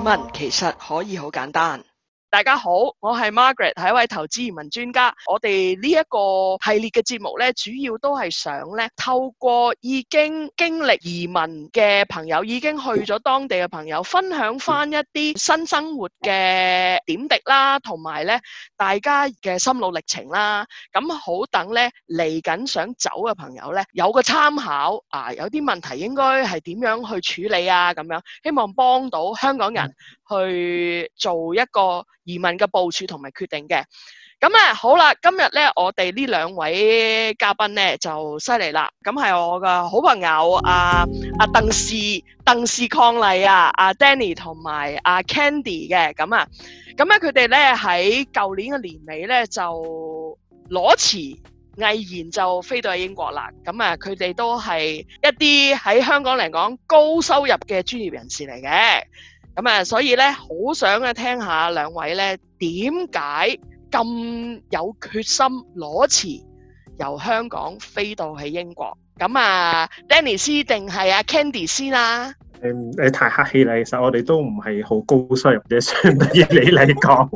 問其實可以好簡單。大家好，我係 Margaret，係一位投資移民專家。我哋呢一個系列嘅節目呢，主要都係想呢透過已經經歷移民嘅朋友，已經去咗當地嘅朋友，分享翻一啲新生活嘅點滴啦，同埋呢大家嘅心路歷程啦。咁好等呢嚟緊想走嘅朋友呢，有個參考啊，有啲問題應該係點樣去處理啊？咁樣希望幫到香港人。去做一個移民嘅部署同埋決定嘅，咁咧好啦，今日咧我哋呢兩位嘉賓咧就犀利啦，咁係我嘅好朋友阿阿、啊啊、鄧氏鄧氏伉儷啊，阿 Danny 同埋阿 Candy 嘅，咁啊，咁咧佢哋咧喺舊年嘅年尾咧就裸辭毅然就飛到去英國啦，咁啊佢哋都係一啲喺香港嚟講高收入嘅專業人士嚟嘅。咁啊、嗯，所以咧，好想啊，聽下兩位咧點解咁有決心裸辭由香港飛到去英國？咁、嗯、啊，Danny 定係阿 Candy 先啊，誒誒、嗯嗯，太客氣啦，其實我哋都唔係好高收入嘅，相對於你嚟講。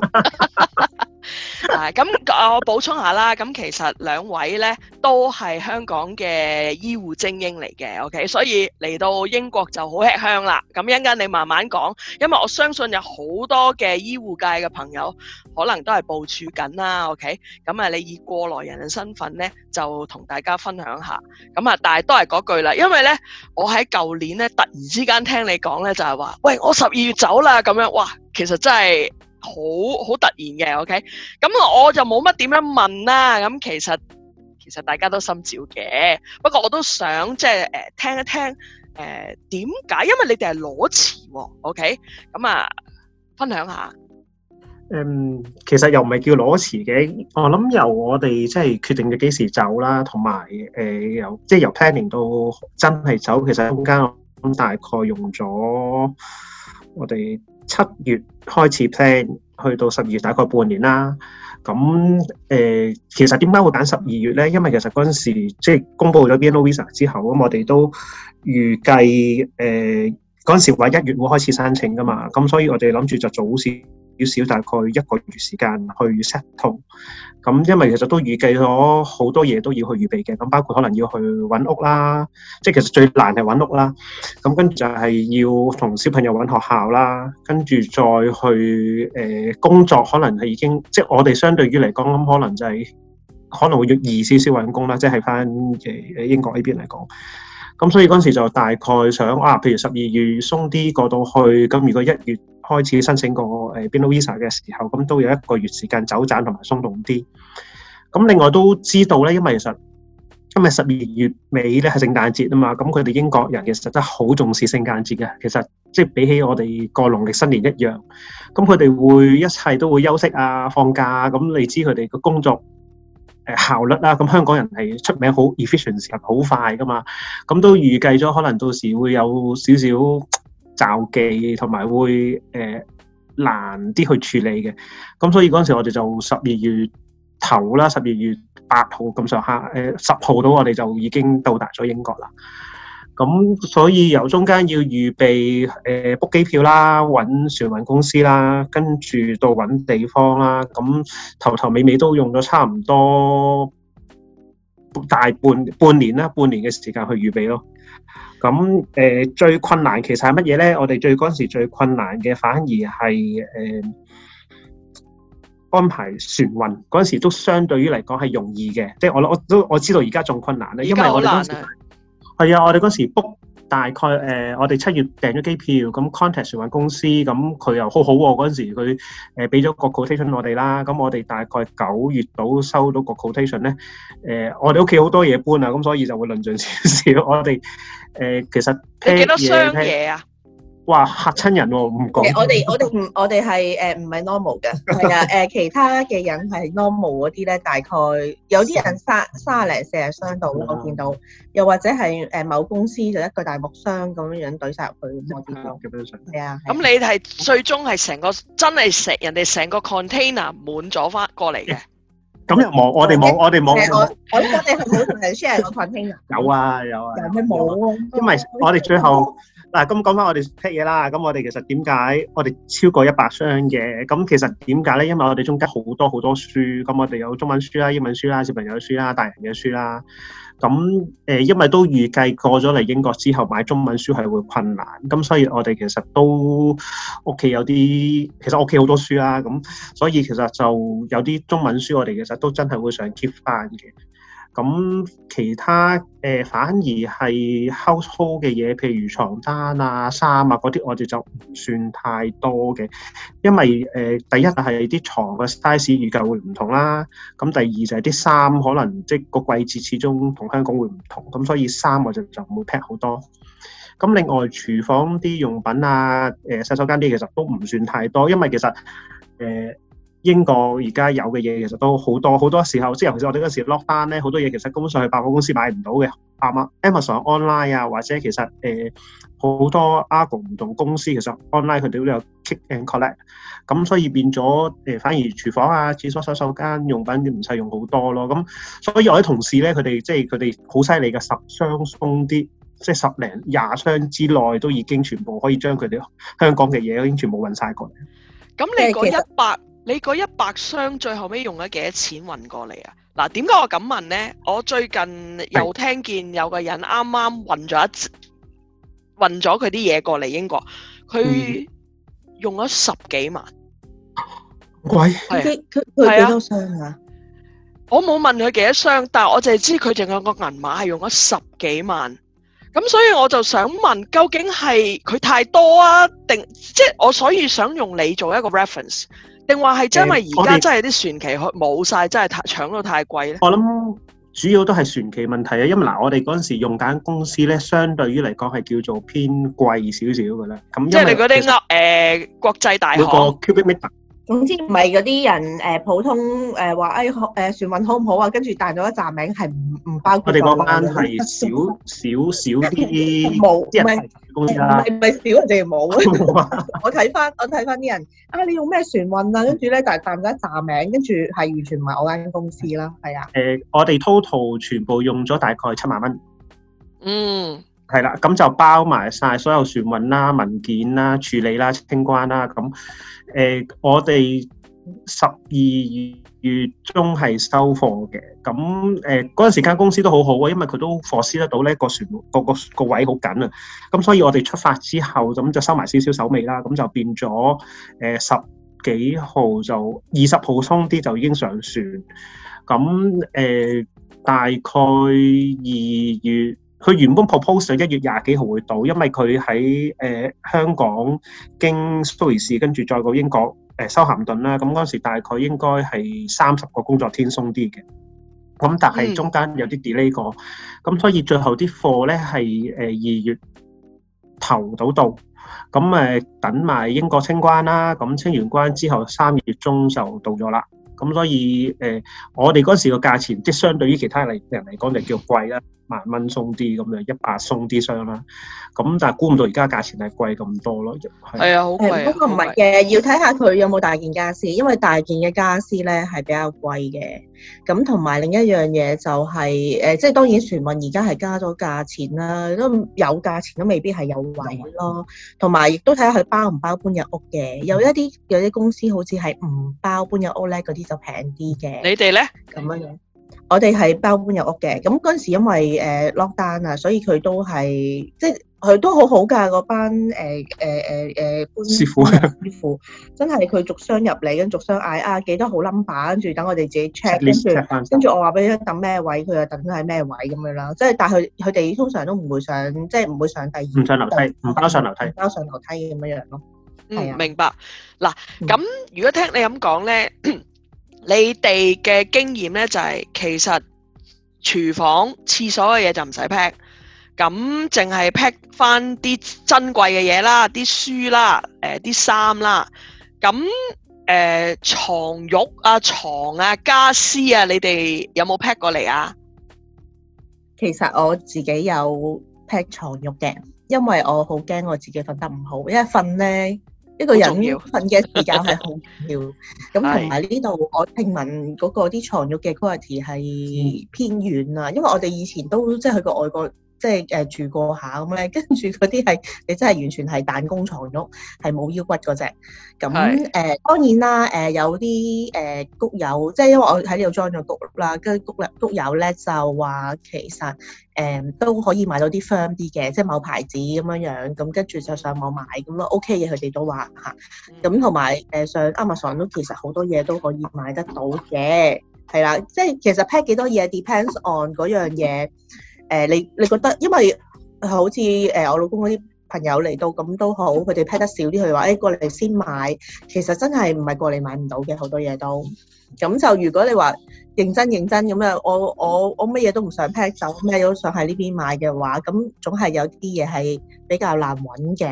嗱，咁、啊、我補充下啦，咁其實兩位呢都係香港嘅醫護精英嚟嘅，OK，所以嚟到英國就好吃香啦。咁一陣間你慢慢講，因為我相信有好多嘅醫護界嘅朋友可能都係部署緊啦，OK，咁啊，你以過來人嘅身份呢就同大家分享下。咁啊，但係都係嗰句啦，因為呢我喺舊年呢突然之間聽你講呢，就係、是、話，喂，我十二月走啦，咁樣，哇，其實真係。好好突然嘅，OK，咁我就冇乜點樣問啦、啊。咁其實其實大家都心照嘅，不過我都想即係誒、呃、聽一聽誒點解，因為你哋係裸辭，OK，咁啊，分享下。嗯，其實又唔係叫裸辭嘅，我諗由我哋即係決定咗幾時走啦，同埋誒由即係由 planning 到真係走，其實中間大概用咗我哋。七月開始 plan，去到十二月大概半年啦。咁誒、呃，其實點解會揀十二月咧？因為其實嗰陣時即係公布咗 BNO visa 之後，咁我哋都預計誒嗰陣時話一月會開始申請㗎嘛。咁所以我哋諗住就早啲。要少大概一個月時間去 set up，咁因為其實都預計咗好多嘢都要去預備嘅，咁包括可能要去揾屋啦，即係其實最難係揾屋啦。咁跟住就係要同小朋友揾學校啦，跟住再去誒、呃、工作可，可能係已經即係我哋相對於嚟講，咁可能就係可能會要易少少揾工啦，即係喺翻誒英國呢邊嚟講。咁所以嗰陣時就大概想啊，譬如十二月鬆啲過到去，咁如果一月，開始申請個 BNO visa 嘅時候，咁都有一個月時間走盞同埋鬆動啲。咁另外都知道咧，因為其實今日十二月尾咧係聖誕節啊嘛，咁佢哋英國人其實真係好重視聖誕節嘅。其實即係比起我哋過農曆新年一樣，咁佢哋會一切都會休息啊、放假啊。咁你知佢哋嘅工作誒效率啦、啊，咁香港人係出名好 efficient 及好快㗎嘛。咁都預計咗可能到時會有少少。就記同埋會誒、呃、難啲去處理嘅，咁所以嗰陣時我哋就十二月頭啦，十二月八號咁上下誒十號到我哋就已經到達咗英國啦。咁所以由中間要預備誒 book、呃、機票啦，揾船運公司啦，跟住到揾地方啦，咁頭頭尾尾都用咗差唔多大半半年啦，半年嘅時間去預備咯。咁誒、呃，最困難其實係乜嘢咧？我哋最嗰陣時最困難嘅，反而係誒、呃、安排船運嗰陣時，都相對於嚟講係容易嘅。即係我我都我知道而家仲困難咧、難，因為我哋嗰陣時係啊，我哋嗰時 book。大概誒、呃，我哋七月訂咗機票，咁、嗯、contact 船運公司，咁、嗯、佢又好好、啊、喎。嗰陣時佢誒俾咗個 quotation 我哋啦，咁、嗯、我哋大概九月到收到個 quotation 咧、呃。誒，我哋屋企好多嘢搬啊，咁所以就會論盡少少。 我哋誒、呃、其實幾多箱嘢聽啊？哇，嚇親人喎，唔覺。我哋我哋唔，我哋係，誒唔係 normal 嘅，係啊，誒其他嘅人係 normal 嗰啲咧，大概有啲人三三十零四十箱到咯，我見到。又或者係誒某公司就一個大木箱咁樣樣懟曬入去嗰啲咁。係啊，咁你係最終係成個真係成人哋成個 container 滿咗翻過嚟嘅。咁又冇我哋冇我哋冇。我我哋冇同人 share 個 container。有啊有啊。但係冇啊，因為我哋最後。嗱，咁講翻我哋啲嘢啦，咁我哋其實點解我哋超過一百箱嘅？咁其實點解咧？因為我哋中間好多好多書，咁我哋有中文書啦、英文書啦、小朋友嘅書啦、大人嘅書啦。咁誒，因為都預計過咗嚟英國之後買中文書係會困難，咁所以我哋其實都屋企有啲，其實屋企好多書啦，咁所以其實就有啲中文書我哋其實都真係會想 keep 翻嘅。咁其他誒、呃、反而係 household 嘅嘢，譬如床單啊、衫啊嗰啲，我哋就唔算太多嘅，因為誒、呃、第一係啲床嘅 size 預購會唔同啦，咁第二就係啲衫可能即個季節始終同香港會唔同，咁所以衫我就就唔會 pack 好多。咁另外廚房啲用品啊、誒、呃、洗手間啲其實都唔算太多，因為其實誒。呃英國而家有嘅嘢其實都好多，好多時候即係尤其是我哋嗰時 lock 單咧，好多嘢其實根本上去百貨公司買唔到嘅，啱啊。Amazon online 啊，或者其實誒好、呃、多 Argos 唔同公司其實 online 佢哋都有 click and collect，咁所以變咗誒、呃、反而廚房啊、廁所、啊、洗手間用品唔、啊、使用好多咯。咁所以我啲同事咧，佢哋即係佢哋好犀利嘅，十箱鬆啲，即係十零廿箱之內都已經全部可以將佢哋香港嘅嘢已經全部運晒過嚟。咁你嗰一百？你嗰一百箱最後尾用咗幾多錢運過嚟啊？嗱、啊，點解我咁問呢？我最近又聽見有個人啱啱運咗一運咗佢啲嘢過嚟英國，佢用咗十幾萬、嗯。喂，係啊，佢幾多箱啊？我冇問佢幾多箱，但係我淨係知佢淨係個銀碼係用咗十幾萬。咁所以我就想問，究竟係佢太多啊，定即係我所以想用你做一個 reference。定話係因為而家真係啲船期冇晒，呃、真係搶到太貴咧。我諗主要都係船期問題啊，因為嗱，我哋嗰陣時用間公司咧，相對於嚟講係叫做偏貴少少嘅啦。咁即係你嗰啲誒國際大學。總之唔係嗰啲人，誒、呃、普通，誒話誒，誒船運好唔好啊？跟住彈咗一紮名，係唔唔包括。我哋個班係少少少啲，冇唔係公司啊？唔係少，我哋冇。我睇返我睇返啲人啊，你用咩船運啊？跟住咧就彈咗一紮名，跟住係完全唔係我間公司啦，係啊。誒，我哋 total 全部用咗大概七萬蚊。嗯。係啦，咁就包埋曬所有船運啦、文件啦、處理啦、清關啦。咁誒，我哋十二月中係收貨嘅。咁誒嗰陣時間公司都好好啊，因為佢都貨師得到呢個船個個個位好緊啊。咁所以我哋出發之後，咁就收埋少少手尾啦。咁就變咗誒十幾號就二十號鬆啲，就已經上船。咁誒大概二月。佢原本 proposal 一月廿幾號會到，因為佢喺誒香港經蘇黎世，跟住再過英國誒、呃、修咸頓啦。咁嗰時大概應該係三十個工作天鬆啲嘅。咁但係中間有啲 delay 過，咁所以最後啲貨咧係誒二月頭度到，咁誒等埋英國清關啦。咁清完關之後，三月中就到咗啦。咁所以誒、呃，我哋嗰時個價錢，即係相對於其他嚟人嚟講，就叫貴啦。萬蚊鬆啲咁樣一一，一百鬆啲箱啦。咁但係估唔到而家價錢係貴咁多咯。係啊，好 貴。 嗯、是不過唔係嘅，要睇下佢有冇大件家私，因為大件嘅家私咧係比較貴嘅。咁同埋另一樣嘢就係、是、誒、呃，即係當然船運而家係加咗價錢啦。都有價錢都未必係有位咯。同埋亦都睇下佢包唔包搬入屋嘅。有一啲有啲公司好似係唔包搬入屋咧，嗰啲就平啲嘅。你哋咧咁樣？我哋係包搬入屋嘅，咁嗰陣時因為誒 lockdown 啊，所以佢都係即係佢都好好噶嗰班誒誒誒誒搬師傅師傅，真係佢逐箱入嚟，跟逐箱嗌啊幾多號 number，跟住等我哋自己 check，跟住我話俾你等咩位，佢又等咗喺咩位咁樣啦。即係但係佢哋通常都唔會上，即係唔會上第二唔上樓梯，唔包上樓梯，包上樓梯咁樣樣咯。嗯，明白。嗱，咁如果聽你咁講咧。你哋嘅經驗咧就係其實廚房、廁所嘅嘢就唔使 pack，咁淨係 pack 翻啲珍貴嘅嘢啦，啲書啦，誒啲衫啦，咁誒牀褥啊、床啊、傢俬啊，你哋有冇 pack 過嚟啊？其實我自己有 pack 床褥嘅，因為我好驚我自己瞓得唔好，因為瞓咧。一個人瞓嘅時間係好重要的，咁同埋呢度我聽聞嗰、那個啲牀褥嘅 quality 係偏遠啊，因為我哋以前都即係去過外國。即係誒住過下咁咧，跟住嗰啲係你真係完全係彈弓牀褥，係冇腰骨嗰隻。咁、嗯、誒是當然啦，誒有啲誒、嗯、谷友，即係因為我喺呢度裝咗谷啦，跟住谷谷友咧就話其實誒、嗯、都可以買到啲 firm 啲嘅，即係某牌子咁樣樣。咁跟住就上網買咁咯，OK 嘅佢哋都話吓。咁同埋誒上 Amazon 都其實好多嘢都可以買得到嘅，係啦。即係其實 pack 幾多嘢 depends on 嗰樣嘢。誒、呃、你你覺得因為好似誒、呃、我老公嗰啲朋友嚟到咁都好，佢哋批得少啲，佢話誒過嚟先買，其實真係唔係過嚟買唔到嘅，好多嘢都，咁就如果你話。認真認真咁樣，我我我乜嘢都唔想劈走，咩都想喺呢邊買嘅話，咁總係有啲嘢係比較難揾嘅，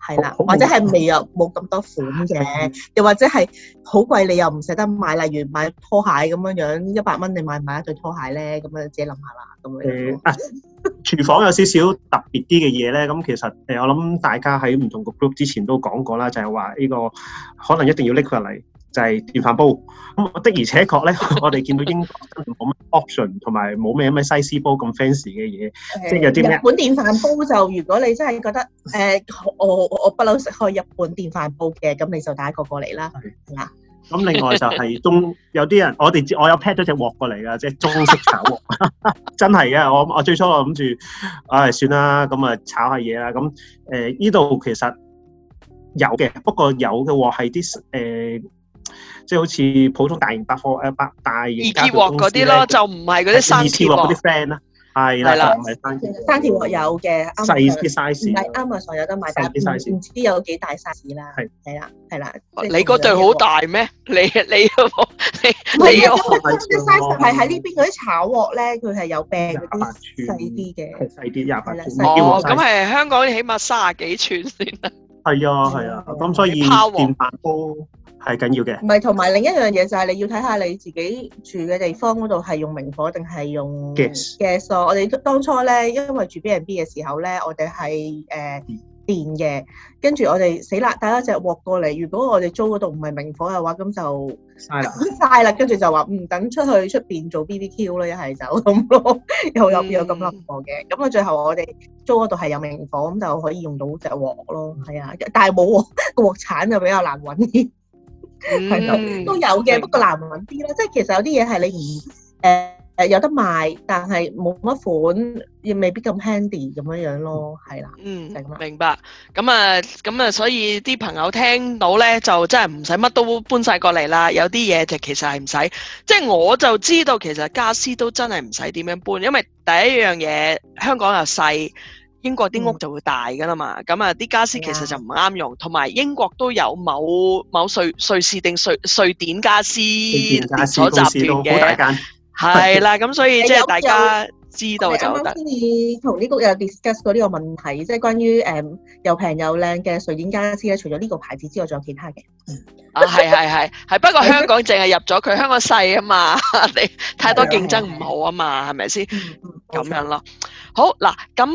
係啦，或者係未有冇咁、嗯、多款嘅，又、嗯、或者係好貴，你又唔捨得買，例如買拖鞋咁樣樣一百蚊，你買唔買一對拖鞋咧，咁樣自己諗下啦。咁誒、嗯、 啊，廚房有少少特別啲嘅嘢咧，咁其實誒、呃、我諗大家喺唔同個 group 之前都講過啦，就係話呢個可能一定要拎佢嚟。就係電飯煲咁，的而且確咧，我哋見到英國都冇乜 option，同埋冇咩咩西施煲咁 fancy 嘅嘢，即係有啲咩？日本電飯煲就如果你真係覺得誒、呃，我我我不嬲食開日本電飯煲嘅，咁你就帶一個過嚟啦，係，咁另外就係中有啲人，我哋我有 pack 咗隻鑊過嚟噶，即係中式炒鑊， 真係嘅。我我最初我諗住，唉、哎，算啦，咁啊炒下嘢啦。咁誒呢度其實有嘅，不過有嘅鑊係啲誒。呃即係好似普通大型百貨誒百大型傢俬公司，二結鑊嗰啲咯，就唔係嗰啲生鐵鑊嗰啲 friend 啦，係啦，唔係生鐵。生鐵鑊有嘅，細啲 size，係 Amazon 有得買，大啲 size，唔知有幾大 size 啦。係係啦係啦，你嗰對好大咩？你你我你我，我啲 size 係喺呢邊嗰啲炒鑊咧，佢係有柄嗰啲細啲嘅，細啲廿八寸。哦，咁係香港要起碼卅幾寸先啦。係啊係啊，咁所以電飯煲。係緊要嘅，唔係，同埋另一樣嘢就係你要睇下你自己住嘅地方嗰度係用明火定係用 gas。gas 咯，我哋當初咧因為住 B&B 嘅時候咧，我哋係誒電嘅，跟住我哋死啦，帶一隻鑊過嚟。如果我哋租嗰度唔係明火嘅話，咁就嘥啦，嘥啦，跟住就話唔等出去出邊做 BBQ 啦，一係就咁咯，又有有咁諗過嘅。咁啊，最後我哋租嗰度係有明火，咁就可以用到隻鑊咯。係啊，但係冇鑊，個鑊鏟就比較難揾啲。係都、嗯、 有嘅的，白不過難搵啲咯。即係白其實有啲嘢係你而誒誒有得賣，但係冇乜款，亦未必咁 handy 咁樣樣咯。係啦，嗯，嘛明白。咁啊，咁啊，所以啲朋友聽到咧，就真係唔使乜都搬晒過嚟啦。有啲嘢就其實係唔使，即、就、係、是、我就知道其實家私都真係唔使點樣搬，因為第一樣嘢香港又細。英國啲屋就會大㗎喇嘛，咁啊啲家私其實就唔啱用，同埋英國都有某某瑞瑞士定瑞瑞典家私鎖集團嘅，大間係啦，咁所以即係大家知道就得。啱先你同呢個又 discuss 過呢個問題，即係關於誒又平又靚嘅瑞典家私，咧，除咗呢個牌子之外，仲有其他嘅。啊，係係係，係不過香港淨係入咗佢香港細啊嘛，你太多競爭唔好啊嘛，係咪先咁樣咯？好嗱，咁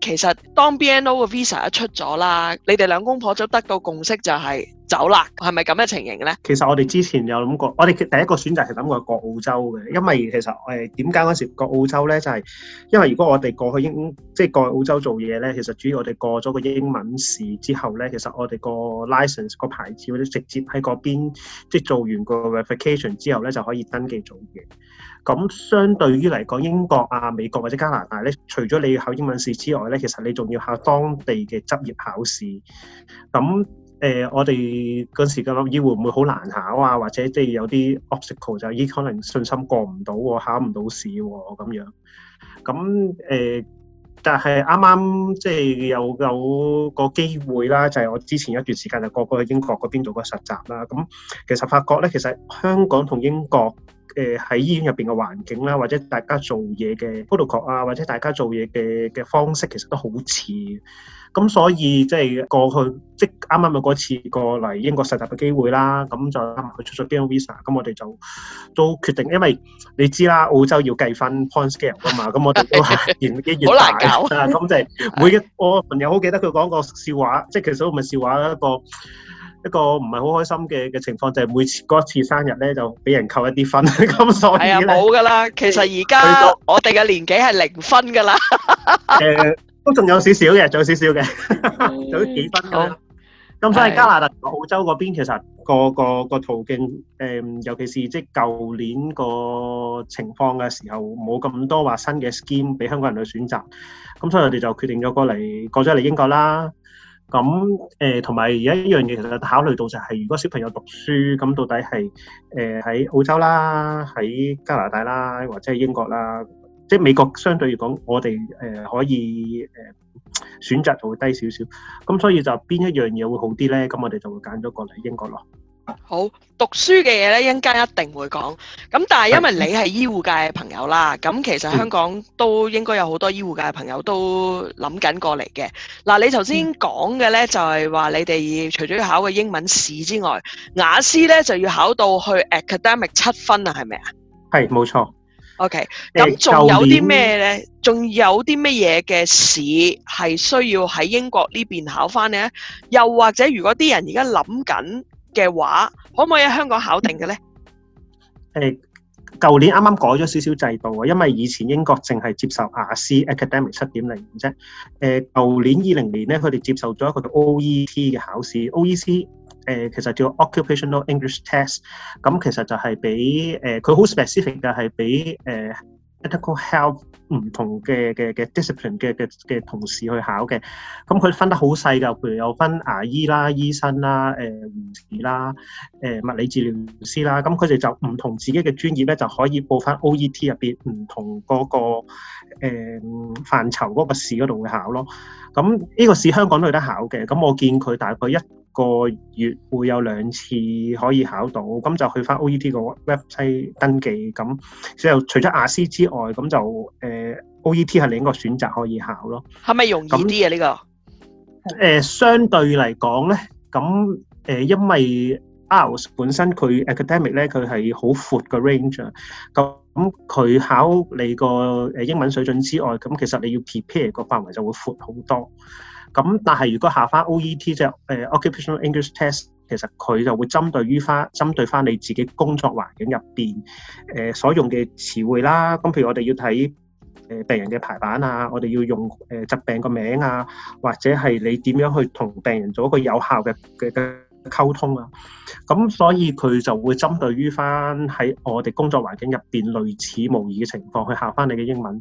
其實當 BNO 嘅 visa 一出咗啦，你哋兩公婆就得到共識就係走啦，係咪咁嘅情形咧？其實我哋之前有諗過，我哋第一個選擇係諗過過澳洲嘅，因為其實我哋點解嗰時過澳洲咧，就係、是、因為如果我哋過去英即係、就是、過去澳洲做嘢咧，其實主要我哋過咗個英文試之後咧，其實我哋個 licence 個牌子或者直接喺嗰邊即係、就是、做完個 verification 之後咧就可以登記做嘢。咁相對於嚟講，英國啊、美國或者加拿大咧，除咗你要考英文試之外咧，其實你仲要考當地嘅執業考試。咁誒、呃，我哋嗰時就諗，會唔會好難考啊？或者即係有啲 obstacle 就咦，可能信心過唔到，考唔到試喎、啊、咁樣。咁誒、呃，但係啱啱即係有有個機會啦，就係、是、我之前一段時間就過過去英國嗰邊做個實習啦。咁其實發覺咧，其實香港同英國。誒喺、呃、醫院入邊嘅環境啦，或者大家做嘢嘅 protocol 啊，或者大家做嘢嘅嘅方式，其實都好似咁，所以即係過去即係啱啱咪嗰次過嚟英國實習嘅機會啦，咁就啱啱去出咗 b i Visa，咁我哋就都決定，因為你知啦，澳洲要計翻 points scale 啊嘛，咁 我哋都延幾月排啊，咁就每我朋友好記得佢講個笑話，即係其實都唔係笑話一個。一個唔係好開心嘅嘅情況就係每次嗰一次生日咧，就俾人扣一啲分，咁所以係啊冇噶啦，其實而家我哋嘅年紀係零分噶啦，誒都仲有少少嘅，仲有少少嘅，仲有幾分咯。咁所以加拿大同澳洲嗰邊其實個個個途徑，誒尤其是即係舊年個情況嘅時候，冇咁多話新嘅 scheme 俾香港人去選擇，咁所以我哋就決定咗過嚟過咗嚟英國啦。咁誒同埋而家一樣嘢，其實考慮到就係如果小朋友讀書，咁到底係誒喺澳洲啦，喺加拿大啦，或者係英國啦，即係美國相對嚟講，我哋誒、呃、可以誒、呃、選擇就會低少少。咁所以就邊一樣嘢會好啲咧？咁我哋就會揀咗過嚟英國咯。好，讀書嘅嘢咧，一陣間一定會講。咁但係因為你係醫護界嘅朋友啦，咁是其實香港都應該有好多醫護界嘅朋友都諗緊過嚟嘅。嗱、嗯，你頭先講嘅咧就係話你哋除咗要考個英文試之外，雅思咧就要考到去 academic 七分啊，係咪啊？係，冇錯。OK，咁仲、呃、有啲咩咧？仲有啲乜嘢嘅試係需要喺英國呢邊考翻呢？又或者如果啲人而家諗緊？嘅話，可唔可以喺香港考定嘅咧？誒，舊年啱啱改咗少少制度啊，因為以前英國淨係接受雅思 （Academic 七點零）啫。誒，舊年二零年咧，佢哋接受咗一個 OET 嘅考試。OET 誒，其實叫 Occupational English Test，咁其實就係俾誒，佢好 specific 嘅係俾誒，medical health 唔同嘅嘅嘅 discipline 嘅嘅嘅同事去考嘅，咁佢分得好細噶，譬如有分牙醫啦、醫生啦、誒護士啦、誒、呃、物理治療師啦，咁佢哋就唔同自己嘅專業咧，就可以報翻 OET 入邊唔同嗰、那個誒、呃、範疇嗰個試嗰度去考咯。咁、嗯、呢、這個試香港都有得考嘅，咁我見佢大概一個月會有兩次可以考到，咁就去翻 OET 個 website 登記。咁之後除咗雅思之外，咁就誒、呃、OET 係另一個選擇可以考咯。係咪容易啲啊？呢個誒，相對嚟講咧，咁誒、呃，因為 IELTS 本身佢 academic 咧，佢係好闊個 range。咁佢考你個誒英文水準之外，咁其實你要 prepare 個範圍就會闊好多。咁，但係如果考翻 OET 即係誒 Occupational English Test，其實佢就會針對於翻針對翻你自己工作環境入邊誒所用嘅詞彙啦。咁譬如我哋要睇誒病人嘅排版啊，我哋要用誒疾病個名啊，或者係你點樣去同病人做一個有效嘅嘅溝通啊。咁所以佢就會針對於翻喺我哋工作環境入邊類似模擬嘅情況去考翻你嘅英文。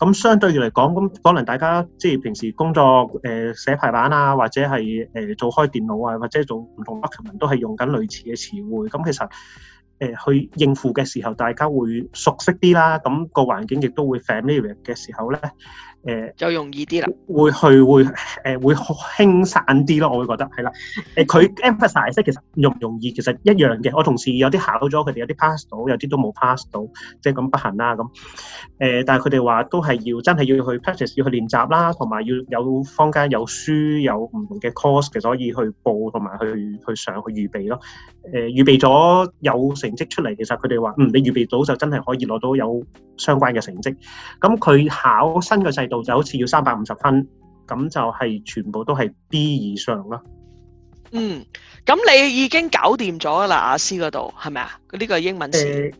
咁相對嚟講，咁可能大家即係平時工作誒寫排版啊，或者係誒做開電腦啊，或者做唔同 document 都係用緊類似嘅詞彙。咁其實誒去應付嘅時候，大家會熟悉啲啦。咁個環境亦都會 familiar 嘅時候咧。誒、呃、就容易啲啦，會去、呃、會誒會輕鬆啲咯，我會覺得係啦。誒佢、呃、emphasize 其實容唔容易，其實一樣嘅。我同事有啲考咗，佢哋有啲 pass 到，有啲都冇 pass 到，即係咁不行啦咁。誒、呃，但係佢哋話都係要真係要去 practice，要去練習啦，同埋要有坊間有書有唔同嘅 course 嘅，所以去報同埋去去上去預備咯。誒、呃、預備咗有成績出嚟，其實佢哋話嗯，你預備到就真係可以攞到有相關嘅成績。咁、嗯、佢考新嘅世度就好似要三百五十分，咁就係全部都係 B 以上咯。嗯，咁你已經搞掂咗噶啦，阿 C 嗰度係咪啊？呢個英文先。呃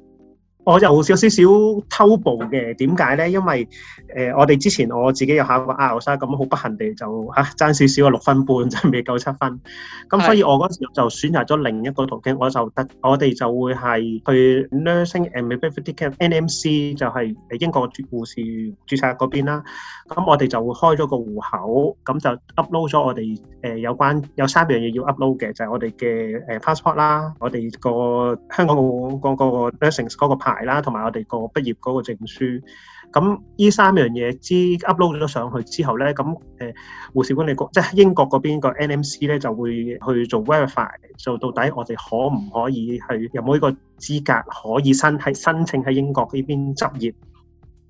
我就有少少少偷步嘅。點解咧？因為誒，我哋之前我自己有考過雅思，咁好不幸地就嚇爭少少啊，六分半真係未夠七分。咁所以我嗰時就選擇咗另一個途徑，我就得我哋就會係去 Nursing and Midwifery Council NMC，就係誒英國注護士註冊嗰邊啦。咁我哋就會開咗個戶口，咁就 upload 咗我哋誒有關有三樣嘢要 upload 嘅，就係我哋嘅誒 passport 啦，我哋個香港個個個 nursing 嗰個牌。係啦，同埋我哋個畢業嗰個證書，咁呢三樣嘢之 upload 咗上去之後咧，咁誒護士管理局即係英國嗰邊個 NMC 咧，就會去做 verify，做到底我哋可唔可以去有冇呢個資格可以申係申請喺英國呢邊執業。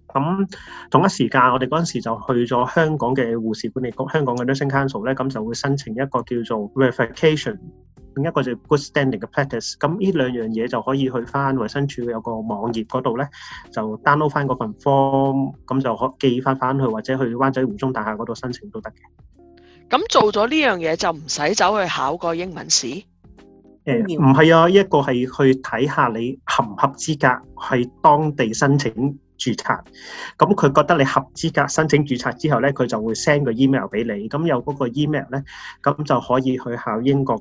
咁同一時間，我哋嗰陣時就去咗香港嘅護士管理局，香港嘅 Nursing Council 咧，咁就會申請一個叫做 verification。另一個就係 good standing 嘅 practice，咁呢兩樣嘢就可以去翻衞生署有個網頁嗰度咧，就 download 翻嗰份 form，咁就可寄翻翻去，或者去灣仔湖中大廈嗰度申請都得嘅。咁、嗯、做咗呢樣嘢就唔使走去考個英文試。誒唔係啊，一個係去睇下你合唔合資格，去當地申請註冊。咁佢覺得你合資格申請註冊之後咧，佢就會 send 個 email 俾你。咁有嗰個 email 咧，咁就可以去考英國。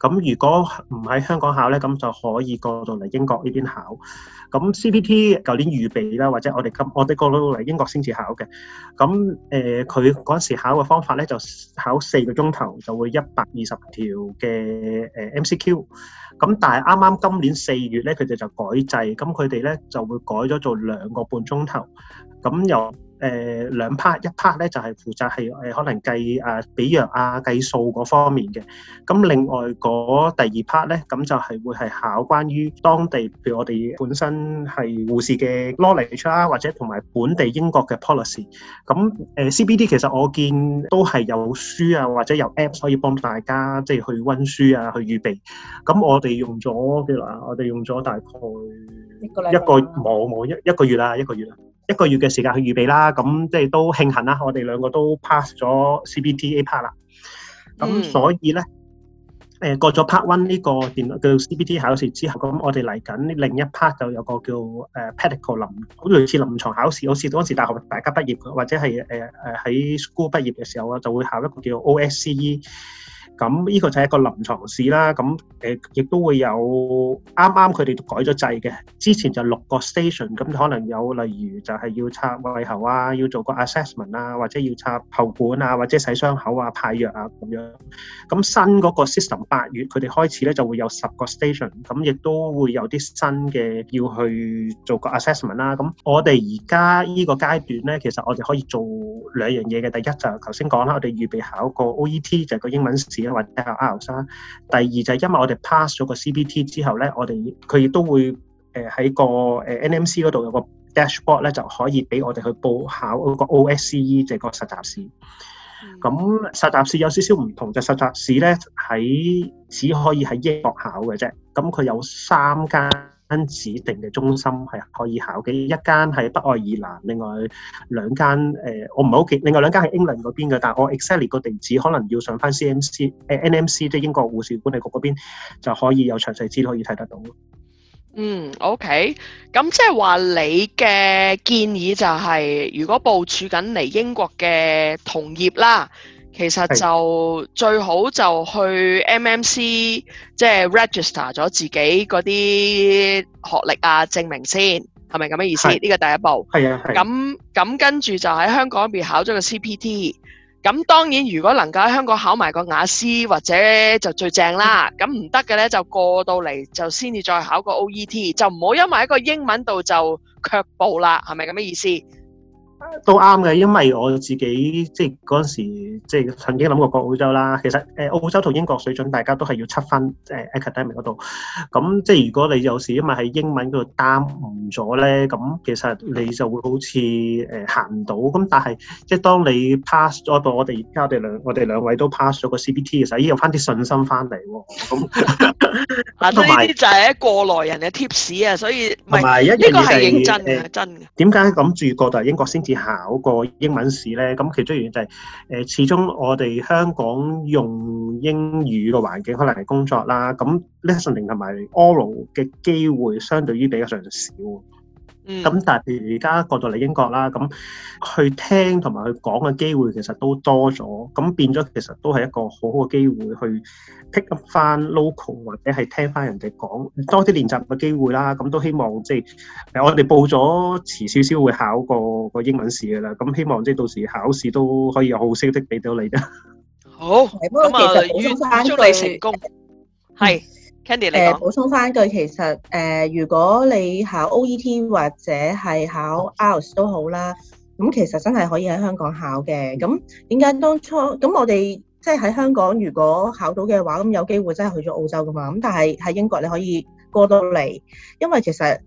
咁如果唔喺香港考咧，咁就可以過到嚟英國呢邊考。咁 CBT 舊年預備啦，或者我哋今我哋過到嚟英國先至考嘅。咁誒，佢嗰時考嘅方法咧，就考四個鐘頭就會一百二十條嘅誒 MCQ。咁但係啱啱今年四月咧，佢哋就改制，咁佢哋咧就會改咗做兩個半鐘頭。咁又。誒兩 part 一 part 咧就係負責係誒可能計啊俾藥啊計數嗰方面嘅，咁另外嗰第二 part 咧，咁就係會係考關於當地，譬如我哋本身係護士嘅 knowledge 啊，或者同埋本地英國嘅 policy。咁誒 CBD 其實我見都係有書啊，或者有 apps 可以幫大家即係去温書啊，去預備。咁我哋用咗譬如話我哋用咗大概一個冇冇一一個月啦，一個月啦。一個月嘅時間去預備啦，咁即係都慶幸啦，我哋兩個都 pass 咗 CBT A part 啦。咁、嗯、所以咧，誒過咗 Part One 呢個電腦叫 CBT 考試之後，咁我哋嚟緊另一 part 就有個叫誒 Pedical 臨，好類似臨牀考試。好似當時大學大家畢業，或者係誒誒喺 school 畢業嘅時候啊，就會考一個叫 OSCE。咁呢個就係一個臨床試啦，咁誒亦都會有啱啱佢哋改咗制嘅，之前就六個 station，咁可能有例如就係要插胃喉啊，要做個 assessment 啊，或者要插喉管啊，或者洗傷口啊、派藥啊咁樣。咁新嗰個 system 八月佢哋開始咧就會有十個 station，咁亦都會有啲新嘅要去做個 assessment 啦、啊。咁我哋而家呢個階段咧，其實我哋可以做兩樣嘢嘅，第一就係頭先講啦，我哋預備考個 OET 就係個英文試。或者阿阿豪，第二就係因為我哋 pass 咗個 CBT 之後咧，我哋佢亦都會誒喺個誒 NMC 嗰度有個 dashboard 咧，就可以俾我哋去報考嗰個 OSCE，即係個實習試。咁實習試有少少唔同，就實習試咧喺只可以喺英國考嘅啫。咁佢有三間。指定嘅中心係可以考嘅，一間係北愛爾蘭，另外兩間誒，我唔係好記，另外兩間係英倫嗰邊嘅，但我 Excel 個地址可能要上翻 C M C 誒 N M C 即係英國護士管理局嗰邊就可以有詳細資料可以睇得到。嗯，OK，咁即係話你嘅建議就係，如果部署緊嚟英國嘅同業啦。其實就最好去、MM、C，就去 MMC，即係 register 咗自己嗰啲學歷啊證明先，係咪咁嘅意思？呢個的第一步。係啊。咁咁跟住就喺香港嗰邊考咗個 CPT。咁當然如果能夠喺香港考埋個雅思，或者就最正啦。咁唔得嘅呢，就過到嚟就先至再考個 OET，就唔好因為一個英文度就卻步啦，係咪咁嘅意思？都啱嘅，因為我自己即係嗰陣時即係曾經諗過過澳洲啦。其實誒澳洲同英國水準，大家都係要七分，即誒 academic 嗰度。咁即係如果你有時因為喺英文嗰度擔誤咗咧，咁其實你就會好似誒行唔到。咁但係即係當你 pass 咗到我哋而家我哋兩我哋兩位都 pass 咗個 CBT 嘅時候，已經有翻啲信心翻嚟喎。咁啊，同埋就係啲過來人嘅 tips 啊，所以唔係呢個係認真嘅真嘅。點解咁住過到英國先？考過英文試咧，咁其中原因就係、是、誒，始終我哋香港用英語嘅環境，可能係工作啦，咁 listening 同埋 oral 嘅機會相對於比較上就少。咁、嗯、但係而家過到嚟英國啦，咁去聽同埋去講嘅機會其實都多咗，咁變咗其實都係一個好好嘅機會去 pick up 翻 local 或者係聽翻人哋講多啲練習嘅機會啦。咁都希望即係我哋報咗遲少少會考過個英文試嘅啦。咁希望即係到時考試都可以有好消息俾到你啦。好，咁啊， 祝你成功，係、嗯。誒、呃、補充翻句，其實誒、呃，如果你考 OET 或者係考 IELTS 都好啦，咁其實真係可以喺香港考嘅。咁點解當初咁我哋即係喺香港，如果考到嘅話，咁有機會真係去咗澳洲㗎嘛？咁但係喺英國你可以過到嚟，因為其實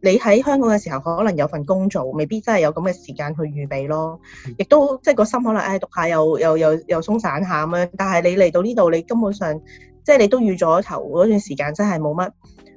你喺香港嘅時候，可能有份工做，未必真係有咁嘅時間去預備咯。亦都即係個心可能誒讀下又又又又鬆散下咁樣，但係你嚟到呢度，你根本上。即係你都預咗頭嗰段時間真係冇乜，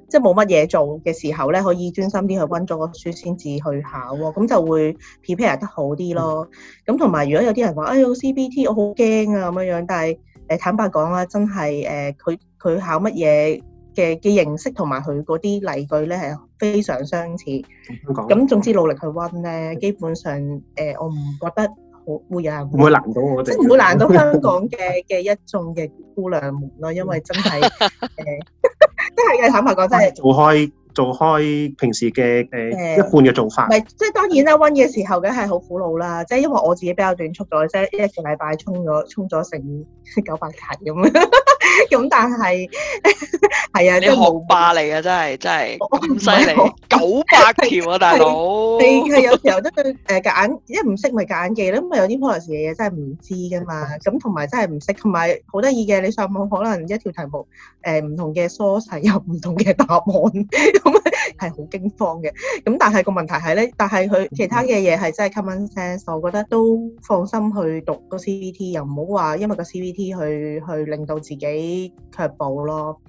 即係冇乜嘢做嘅時候咧，可以專心啲去温咗個書先至去考喎，咁就會 prepare 得好啲咯。咁同埋如果有啲人話，哎個 CBT 我好驚啊咁樣，但係誒坦白講啦，真係誒佢佢考乜嘢嘅嘅形式同埋佢嗰啲例句咧係非常相似。咁講，咁總之努力去温咧，基本上誒、呃、我唔覺得。會有人唔會難到我哋？即係唔會難到香港嘅嘅 一眾嘅姑娘們咯，因為真係，即係嘅坦白講真係做，做開。做開平時嘅誒一般嘅做法，唔係即係當然啦。溫嘅時候梗係好苦惱啦，即係因為我自己比較短促咗，即係一個禮拜衝咗衝咗成九百題咁樣，咁但係係啊，你豪霸嚟嘅真係真係咁犀利九百條啊大佬！你係有時候都對誒夾硬，一唔識咪夾硬記咯，咁咪有啲 professional 嘅嘢真係唔知㗎嘛，咁同埋真係唔識，同埋好得意嘅你上網可能一條題目誒唔同嘅 source 有唔同嘅答案。咁係好驚慌嘅，咁但係個問題係咧，但係佢其他嘅嘢係真係 common sense，我覺得都放心去讀個 C V T，又唔好話因為個 C V T 去去令到自己卻步咯。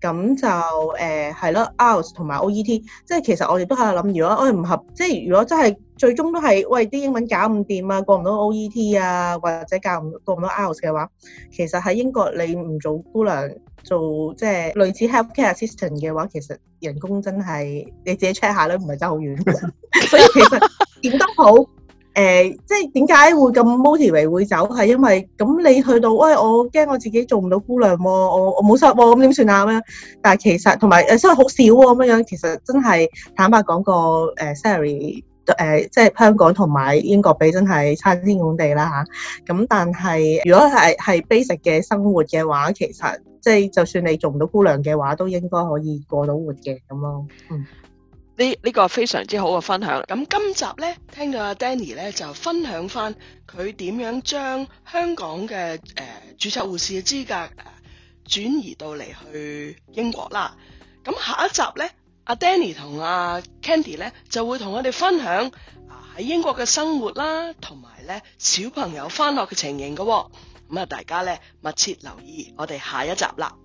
咁就誒係咯，IELTS 同埋 O E T，即係其實我哋都喺度諗，如果我哋唔合，即係如果真係最終都係喂啲英文搞唔掂啊，過唔到 O E T 啊，或者教唔過唔到 IELTS 嘅話，其實喺英國你唔做姑娘。做即係類似 healthcare assistant 嘅話，其實人工真係你自己 check 下咧，唔係差好遠。 所以其實點都好誒，即係點解會咁 motivate 會走？係因為咁你去到，喂、哎，我驚我自己做唔到姑娘喎、啊，我我冇收入咁點算啊咁樣、啊。但係其實同埋誒，雖好、呃、少喎咁樣，其實真係坦白講個誒 salary。呃 Sorry 誒，即係香港同埋英國比真係差天共地啦吓，咁但係如果係係 basic 嘅生活嘅話，其實即係就算你做唔到姑娘嘅話，都應該可以過到活嘅咁咯。嗯，呢呢個非常之好嘅分享。咁今集呢，聽到阿 Danny 呢就分享翻佢點樣將香港嘅誒註冊護士嘅資格誒轉移到嚟去英國啦。咁下一集呢。阿 Danny 同阿 Candy 咧就會同我哋分享啊喺英國嘅生活啦，同埋咧小朋友返學嘅情形嘅。哦，咁啊大家咧密切留意我哋下一集啦。